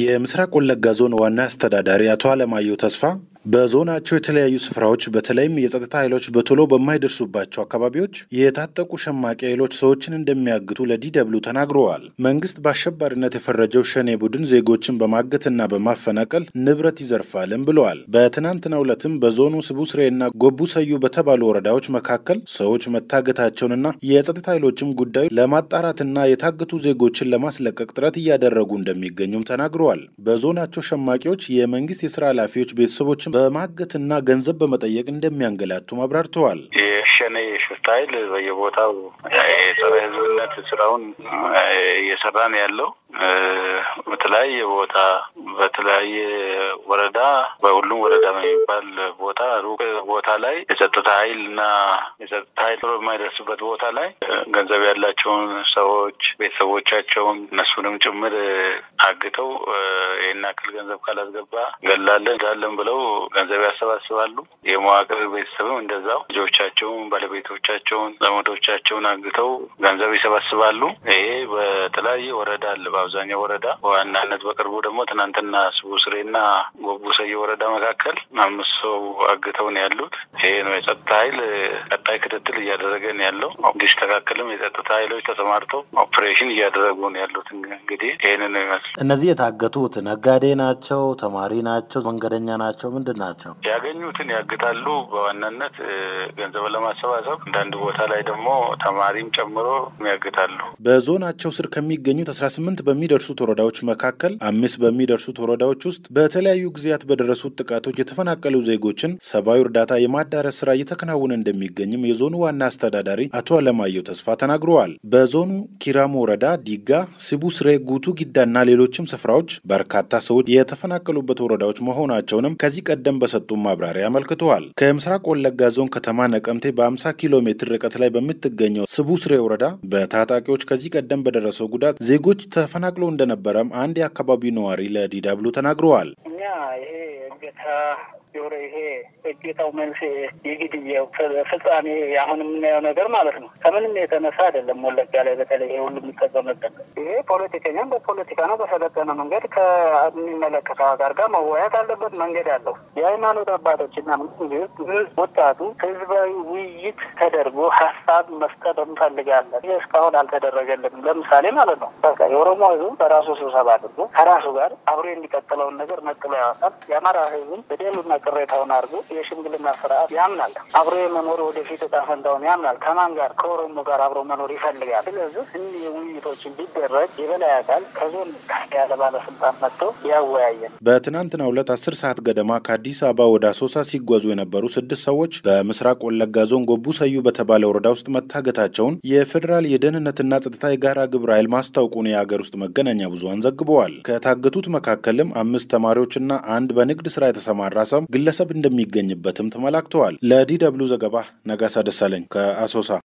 የምስራቅ ወለጋ ዞን ዋና አስተዳዳሪ አቶ አለማየሁ ተስፋ በዞናቸው የተለያዩ ስፍራዎች በተለይም የጸጥታ ኃይሎች በቶሎ በማይደርሱባቸው አካባቢዎች የታጠቁ ሸማቂ ኃይሎች ሰዎችን እንደሚያግቱ ለዲደብሉ ተናግረዋል። መንግስት በአሸባሪነት የፈረጀው ሸኔ ቡድን ዜጎችን በማገትና በማፈናቀል ንብረት ይዘርፋልም ብለዋል። በትናንትናው ዕለትም በዞኑ ስቡስሬና ጎቡ ሰዩ በተባሉ ወረዳዎች መካከል ሰዎች መታገታቸውንና የጸጥታ ኃይሎችም ጉዳዩ ለማጣራትና የታገቱ ዜጎችን ለማስለቀቅ ጥረት እያደረጉ እንደሚገኙም ተናግረዋል። በዞናቸው ሸማቂዎች የመንግስት የስራ ኃላፊዎች ቤተሰቦች በማገትና ገንዘብ በመጠየቅ እንደሚያንገላቱ አብራርተዋል። የሸኔ ሽፍታ ኃይል በየቦታው የጸረ ህዝብነት ስራውን እየሰራ ነው ያለው። በተለያየ ቦታ በተለያየ ወረዳ በሁሉም ወረዳ በሚባል ቦታ ሩቅ ቦታ ላይ የጸጥታ ኃይል እና የጸጥታ ኃይል ሮ የማይደርስበት ቦታ ላይ ገንዘብ ያላቸውን ሰዎች ቤተሰቦቻቸውን እነሱንም ጭምር አግተው ይህን ያክል ገንዘብ ካላስገባ ገላለን ዳለን ብለው ገንዘብ ያሰባስባሉ። የመዋቅር ቤተሰብም እንደዛው ልጆቻቸውን፣ ባለቤቶቻቸውን፣ ዘመዶቻቸውን አግተው ገንዘብ ይሰባስባሉ። ይሄ በተለያየ ወረዳ አለ። በአብዛኛው ወረዳ ዋናነት በቅርቡ ደግሞ ትናንት ስቡስሬ ና ጎቡሰየ ወረዳ መካከል አምስት ሰው አግተው ነው ያሉት። ይሄ ነው የጸጥታ ኃይል ቀጣይ ክትትል እያደረገ ነው ያለው። እንዲስተካከልም የጸጥታ ኃይሎች ተሰማርተው ኦፕሬሽን እያደረጉ ነው ያሉት። እንግዲህ ይህን ነው ይመስል እነዚህ የታገቱት ነጋዴ ናቸው፣ ተማሪ ናቸው፣ መንገደኛ ናቸው፣ ምንድን ናቸው? ያገኙትን ያግታሉ። በዋናነት ገንዘብ ለማሰባሰብ አንዳንድ ቦታ ላይ ደግሞ ተማሪም ጨምሮ ያግታሉ። በዞናቸው ስር ከሚገኙት አስራ ስምንት በሚደርሱት ወረዳዎች መካከል አምስት በሚደርሱ ከተጠቀሱት ወረዳዎች ውስጥ በተለያዩ ጊዜያት በደረሱት ጥቃቶች የተፈናቀሉ ዜጎችን ሰብአዊ እርዳታ የማዳረስ ስራ እየተከናወነ እንደሚገኝም የዞኑ ዋና አስተዳዳሪ አቶ አለማየሁ ተስፋ ተናግረዋል። በዞኑ ኪራሙ ወረዳ ዲጋ፣ ሲቡ፣ ስሬ፣ ጉቱ ጊዳና ሌሎችም ስፍራዎች በርካታ ሰዎች የተፈናቀሉበት ወረዳዎች መሆናቸውንም ከዚህ ቀደም በሰጡ ማብራሪያ አመልክተዋል። ከምስራቅ ወለጋ ዞን ከተማ ነቀምቴ በ50 ኪሎ ሜትር ርቀት ላይ በምትገኘው ስቡ ስሬ ወረዳ በታጣቂዎች ከዚህ ቀደም በደረሰው ጉዳት ዜጎች ተፈናቅለው እንደነበረም አንድ የአካባቢው ነዋሪ ለ ለዲደብሉ ተናግረዋል። እኛ ይሄ እገታ የሆነ ይሄ እጌታው መንስኤ የግድያው ፍጻሜ አሁን የምናየው ነገር ማለት ነው። ከምንም የተነሳ አይደለም። ወለጋ ላይ በተለይ ሁሉ የሚጠቀምበት ይሄ ፖለቲከኛም በፖለቲካ ነው። በሰለጠነ መንገድ ከሚመለከተው አጋር ጋር መወያየት አለበት። መንገድ አለው። የሃይማኖት እና ወጣቱ ህዝባዊ ውይይት ተደርጎ ሀሳብ መስጠት እንፈልጋለን። ይህ እስካሁን አልተደረገልንም። ለምሳሌ ማለት ነው በቃ የኦሮሞ ህዝብ በራሱ ስብሰባ አድርጎ ከራሱ ጋር አብሮ የሚቀጥለውን ነገር መጥሎ ያወጣል። የአማራ ህዝብ በደሉና ቅሬታውን አድርጎ የሽምግልና ስርዓት ያምናል። አብሮ የመኖር ወደፊት እጣ ፈንታውን ያምናል። ከማን ጋር? ከኦሮሞ ጋር አብሮ መኖር ይፈልጋል። ስለዚህ እኒህ ውይይቶችን ቢደረግ የበላይ አካል ከዞን ያለ ባለስልጣን መጥቶ ያወያየን። በትናንትና ሁለት አስር ሰዓት ገደማ ከአዲስ አበባ ወደ አሶሳ ሲጓዙ የነበሩ ስድስት ሰዎች በምስራቅ ወለጋ ዞን ጎቡ ሰዩ በተባለ ወረዳ ውስጥ መታገታቸውን የፌዴራል የደህንነትና ጸጥታ የጋራ ግብረ ኃይል ማስታወቁን የሀገር ውስጥ መገናኛ ብዙሃን ዘግበዋል። ከታገቱት መካከልም አምስት ተማሪዎችና አንድ በንግድ ስራ የተሰማራ ሰው ግለሰብ እንደሚገኝበትም ተመላክተዋል። ለዲ ዘገባ ነጋሳ ደሳለኝ ከአሶሳ